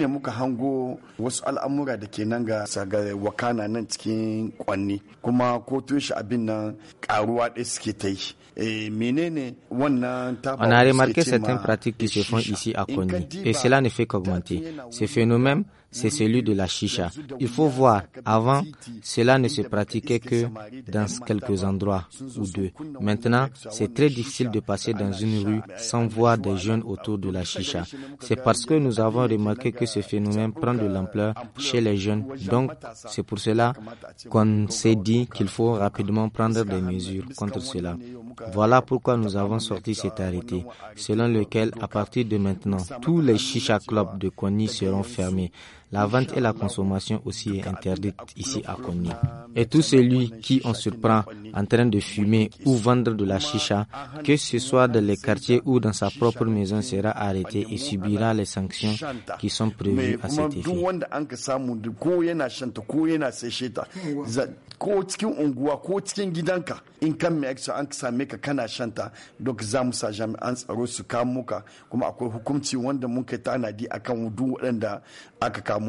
On a eh, remarqué certaines pratiques qui se font ici à Kony et cela ne fait qu'augmenter. Ce phénomène, c'est celui de la chicha. Il faut voir, avant, cela ne se pratiquait que dans quelques endroits ou deux. Maintenant, c'est très difficile de passer dans une rue sans voir des jeunes autour de la chicha. C'est parce que nous avons remarqué que ce euh, phénomène prend de l'ampleur chez les jeunes. Donc, c'est pour cela qu'on s'est dit qu'il faut rapidement prendre des mesures contre cela. Voilà pourquoi nous avons sorti cet arrêté, selon lequel, à partir de maintenant, tous les chicha clubs de Kony seront fermés. La vente et la consommation aussi est interdite ici à Kony. Et tout celui qui en surprend en train de fumer ou vendre de la chicha, que ce soit dans les quartiers ou dans sa propre maison, sera arrêté et subira les sanctions qui sont prévues à cet effet. same ka kana shanta duk za mu sa jami'an tsaro su kamo ka kuma akwai hukunci wanda mun kai tanadi akan wudu waɗanda aka kamo